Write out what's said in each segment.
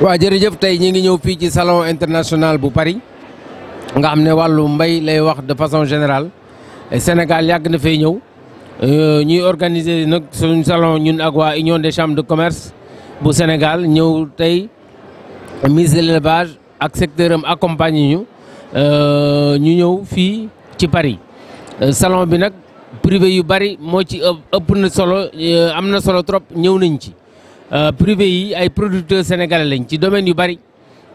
waa jërëjëf tey ñi ngi ñëw fii ci salon international bu Paris nga xam ne wàllu mbay lay wax de façon générale Sénégal yàgg na fay ñëw euh, ñuy organiser nag suñu salon ñun ak waa Union des chambres de commerce bu Sénégal ñëw tey mise de l'élevage ak secteur am accompagné ñu euh, ñu ñëw fii ci Paris euh, salon bi nag privé yu bari moo ci ëpp na solo am na solo trop ñëw nañ ci Euh, privé yi ay producteurs sénégalais lañ ci domaine yu bari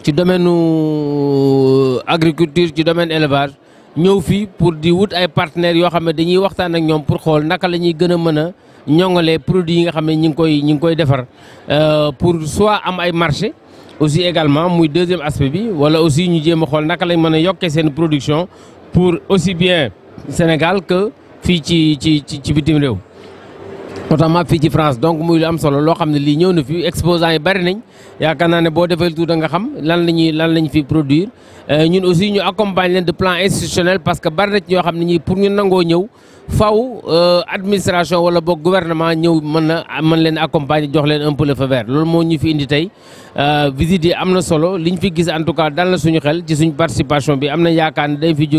ci domaine euh, agriculture ci domaine élevage ñëw fii pour di wut ay partenaires yoo xam ne dañuy waxtaan ak ñoom pour xool naka la ñuy gën a mën a ñoŋalee produits yi nga xam ne ñu ngi koy ñu ngi koy defar euh, pour soit am ay marché aussi également muy deuxième aspect bi wala aussi ñu jéem a xool naka lañ mën a yokkee seen production pour aussi bien Sénégal que fii ci ci ci bitim réew. notamment fii ci France donc muy lu am solo loo xam ne lii ñëw na fi exposants yi bari nañ yaakaar naa ne boo defee tout nga xam lan la lan la ñu fi produire euh, ñun aussi ñu accompagne leen de plan institutionnel parce que bari na ci ñoo xam ne ñi pour ñu nangoo ñëw faw euh, administration wala boog gouvernement ñëw mën na mën leen accompagner jox leen un peu le loolu moo ñu fi indi tey euh, visite yi am na solo liñ fi gis en tout cas dal na suñu xel ci suñu participation bi am na yaakaar ne dañ fi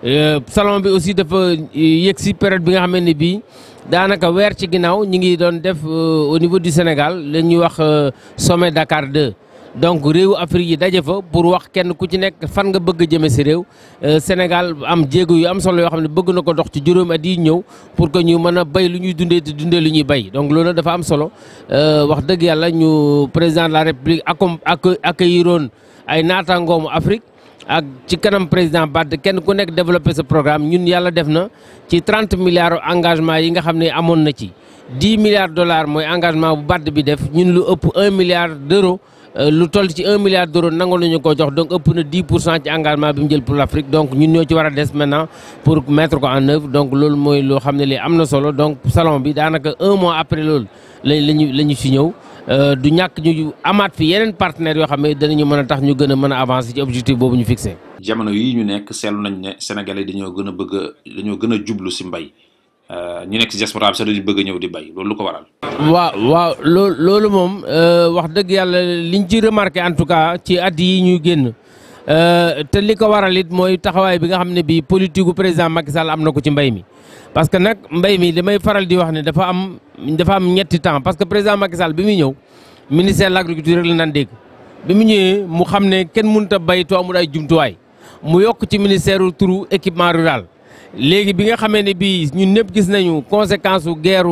Euh, salon bi aussi dafa euh, yëg si période bi nga xam ne bii daanaka weer ci ginnaaw ñi ngi doon def euh, au niveau du Sénégal la ñuy wax sommet Dakar 2. donc réew Afrique yi daje fa pour wax kenn ku ci nekk fan nga bëgg a jëme si réew Sénégal am jéego yu am solo yoo xam ne bëgg na ko dox ci juróom at yi ñëw pour que ñu mën a béy lu ñuy dundee te dundee lu ñuy bay donc loolu dafa am solo wax dëgg yàlla ñu président de la République accueilliroon ay naataangoomu Afrique. ak ci kanam président Badd kenn ku nekk développé sa programme ñun yàlla def na ci trente milliards engagement yi nga xam ne amoon na ci dix milliards dollars mooy engagement bu Badd bi def ñun lu ëpp un milliard d'euros euh, lu toll ci un milliard d'euros nangu nañu ko jox donc ëpp na dix pour cent ci engagement bi mu jël pour l'Afrique donc ñun ñoo ci war a des maintenant pour mettre ko en œuvre donc loolu mooy loo xam ne lii am na solo donc salon bi daanaka un mois après loolu lañ lañu la ñu si ñëw Euh, du ñàkk ñu amaat fi yeneen partenaires yoo xam ne danañu mën a tax ñu gën a mën a avancer ci objectif boobu ñu fixé. jamono yi ñu nekk seetlu nañ ne Sénégalais dañoo gën a bëgg dañoo gën a jublu si mbay euh, ñu nekk si diaspora bi sax bëgg a ñëw di bay loolu lu ko waral. waaw waaw loo loolu moom euh, wax dëgg yàlla liñ ci remarqué en tout cas ci at yi ñuy génn te li ko waral it mooy taxawaay bi nga xam ne bii politique gu président Macky Sall am na ko ci mbay mi. parce que nag mbay mi damay faral di wax ne dafa am dafa am ñetti temps parce que président Macky Sall bi muy ñëw ministère de l'agriculture la naan dégg bi mu ñëwee mu xam ne kenn mënut a bay to amul ay jumtuwaay mu yokk ci ministère turu équipement rural. léegi bi nga xamee ne bii ñun ñëpp gis nañu conséquence u guerre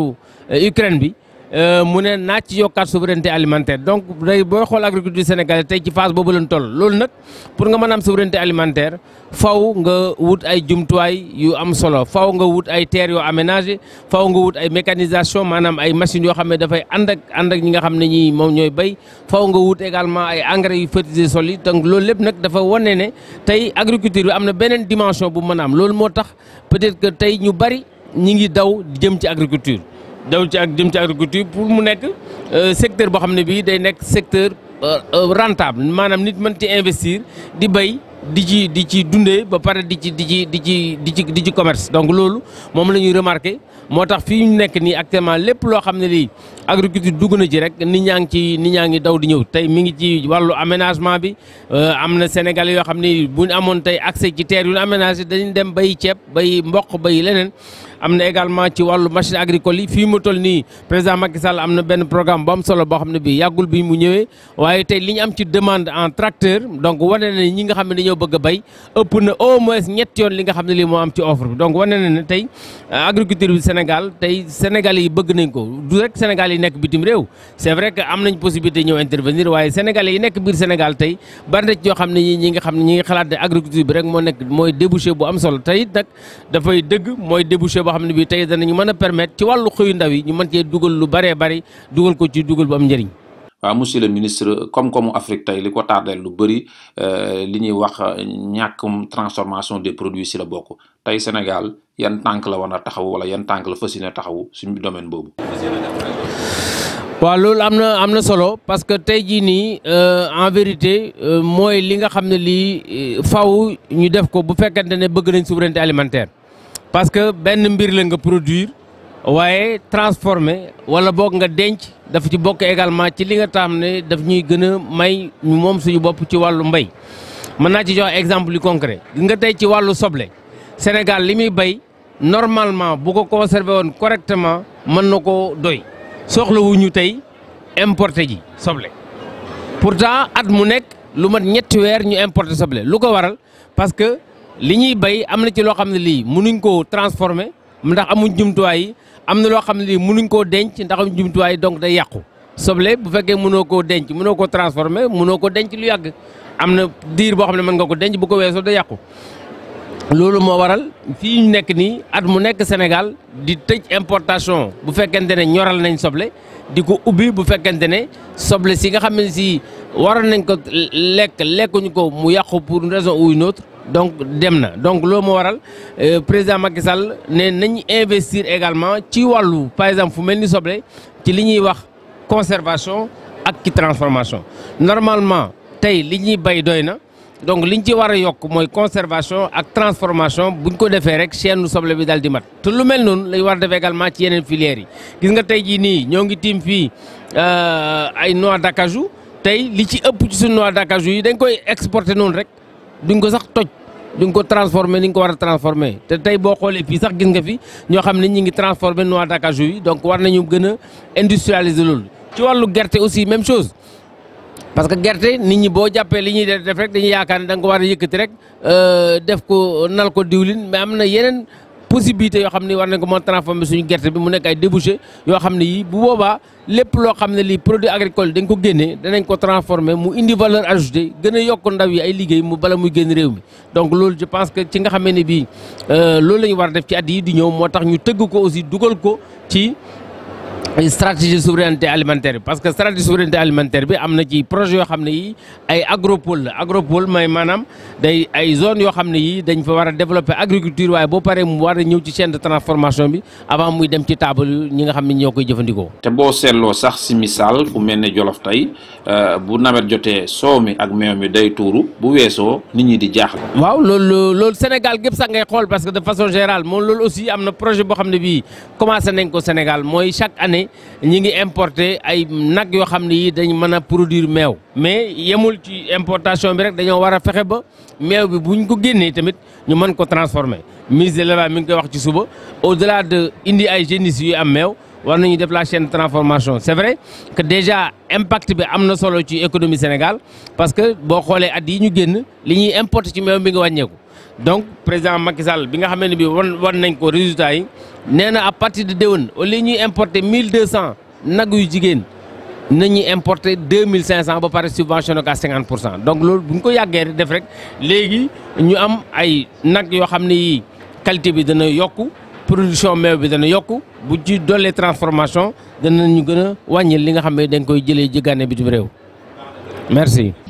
euh, Ukraine bi. Euh, mu ne naaj ci yokkaat souveraineté alimentaire donc day booy xool agriculture sénégalaise tey ci phase boobu lañ toll loolu nag pour nga mën a am souveraineté alimentaire faw nga wut ay jumtuwaay yu am solo faw nga wut ay terres yoo aménagé faw nga wut ay mécanisation maanaam ay machines yoo xam ne dafay ànd ak ànd ak ñi nga xam ne ñi moom ñooy béy faw nga wut également ay engrais yu fertiliser sol yi donc loolu lépp nag dafa wane ne tey agriculture bi am na beneen dimension bu mën a am loolu moo tax peut-être que tey ñu bari ñi ngi daw jëm ci agriculture daw ci ak jëm ci agriculture pour mu nekk euh, secteur boo xam ne bii day nekk secteur euh, euh, rentable maanaam nit mën ci investir di bay di ci di ci dundee ba pare di ci di ci di ci di ci di ci commerce donc loolu moom la ñuy remarqué moo tax fii ñu nekk nii actuellement lépp loo xam ne lii agriculture dugg na ci rek nit ñaa ngi ci nit ñaa ngi daw di ñëw tey mi ngi ci wàllu aménagement bi am na Sénégal yoo xam ni bu ñu amoon tey accès ci teer yu ñu aménagé dañuy dem bay ceeb bay mboq bay leneen. am na également ci wàllu machine agricole yi fii mu toll nii président Macky Sall am na benn programme bu am solo boo xam ne bii yàggul bi mu ñëwee waaye tey li ñu am ci demande en tracteur donc wane na ne ñi nga xam ne dañoo bëgg a béy ëpp au moins ñett yoon li nga xam ne lii moo am ci offre bi donc wane ne tey euh, agriculture bi Sénégal yi bëgg nañ ko du rek Sénégal yi nekk bitim réew c'est vrai que am nañ possibilité ñëw intervenir waaye Sénégalais yi nekk biir Sénégal tey bari na ci ñoo ne ñi nga xam ne ñi nga xalaat ne agriculture bi rek moo nekk mooy débouché bu am solo tey nag dafay dëgg mooy débouché boo ne bii tey danañu mën a permettre ci wàllu xëyu ndaw yi ñu mën dugal lu baree bari dugal ko ci dugal bu am njëriñ. waaw monsieur koom-koomu Afrique li ko tardeel lu bëri euh, li ñuy wax ñàkkum transformation des produits si la bokk tey Sénégal yan tànk la war taxaw wala yan tànk la fas taxaw suñu domaine boobu. loolu am na am na solo parce que tey jii nii euh, en vérité euh, mooy li nga xam ne lii faw ñu def ko bu fekkente ne bëgg nañ souveraineté alimentaire. parce que benn mbir la nga produire waaye transformer wala boog nga denc dafa ci bokk également ci li nga taam ne daf ñuy gën a may ñu moom suñu bopp ci wàllu mbay mën naa ci jox exemple yu concret gis nga tey ci wàllu soble Sénégal li muy bay normalement bu ko conservé woon correctement mën na ko doy soxlawuñu tey importe ji soble pourtant at mu nekk lu mat ñetti weer ñu importe soble lu ko waral parce li ñuy bay am na ci loo xam ne lii mënuñ koo transformer ndax amuñ jumtuwaay yi am na loo xam ne lii mënuñ koo denc ndax amuñ jumtuwaay donc day yàqu soble bu fekkee mënoo koo denc mënoo koo transformer munoo koo denc lu yàgg am na diir boo xam ne mën nga ko denc bu ko weesoo day yàqu. loolu moo waral fii ñu nekk nii at mu nekk Sénégal di tëj importation bu fekkente ne ñoral nañ soble di ko ubbi bu fekkente ne soble si nga xam ne si waroon nañ ko lekk lekkuñu ko mu yàqu pour une raison ou donc dem na donc loo moo waral euh, président Macky Sall ne nañu investir également ci wàllu par exemple fu mel ni soble ci li ñuy wax conservation ak ci transformation normalement tey li ñuy bay doy na donc li ñu ci war a yokk mooy conservation ak transformation bu ñu ko defee rek chaîne soble bi daal di mat te lu mel noonu lañ war a def également ci yeneen filières yi gis nga tey jii nii ñoo ngi tiim fii euh, ay noix d'acajou tey li ci ëpp su suñu noix d'acajou yi dañ koy exporter noonu rek duñ ko sax toj duñ ko transformé ni nga ko war a transformé te tey boo xoolee fii sax gis nga fi ñoo xam ne ñi ngi transformé noix d'acajou yi donc war nañu gën a industrialiser loolu. ci wàllu gerte aussi même chose parce que gerte nit ñi boo jàppee li ñuy def rek dañu yaakaar ne da ko war a yëkkati rek euh, def ko nal ko diwlin mais am na yeneen. possibilité yoo xam ne war nañ ko mën a suñu gerte bi mu nekk ay débouché yoo xam ne yii bu booba lépp loo xam ne lii produit agricole dañ ko génnee danañ ko transformer mu indi valeur ajoutée gën a yokk ndaw yi ay liggéey mu bala muy génn réew mi donc loolu je pense que ci nga xam ne bii euh, loolu la ñu war def ci at yi di ñëw moo tax ñu tëgg ko aussi dugal ko ci stratégie souveraineté alimentaire parce que stratégie souveraineté bi am na ci projet yoo xam ne yi ay agropole la agropole mooy maanaam day ay zone yoo xam ne yi dañ fa war a développer agriculture waaye boo paree mu war ñëw ci chaîne de transformation bi avant muy dem ci table ñi koy jëfandikoo. te boo seetloo sax si misaal fu mel ne Jolof tey euh, bu nawet jotee soow mi ak meew mi day tuuru bu weesoo nit ñi di jaaxle. waaw loolu loolu Sénégal gépp sax xool parce ne ñi ngi importer ay nag yoo xam ne yi dañ mën a produire meew mais yemul ci importation bi rek dañoo war a fexe ba meew bi ñu ko génnee tamit ñu mën ko transformer ministre de l'élevage mi ngi koy wax ci suba au delà de indi ay génisses yu am meew war nañu def la chaîne de transformation c'est vrai que déjà impact bi am na solo ci économie Sénégal parce que boo xoolee at yi ñu génn li ñuy importer ci meew bi ngi wàññeeku donc président Macky Sall bi nga xamante ne bii wan wan nañ ko résultat yi nee na à partir de déwén au lieu ñuy importer mille deux cent nag yu jigéen nañuy importer deux mille cinq cent ba pare subventionné ko à cinquante pour cent donc loolu bu ñu ko yàggee def rek léegi ñu am ay nag yoo xam ne yii qualité bi dana yokk production meew bi dana yokk bu ci dollee transformation danañu gën a wàññil li nga xam ne dañ koy jëlee jëggaane bitim réew merci.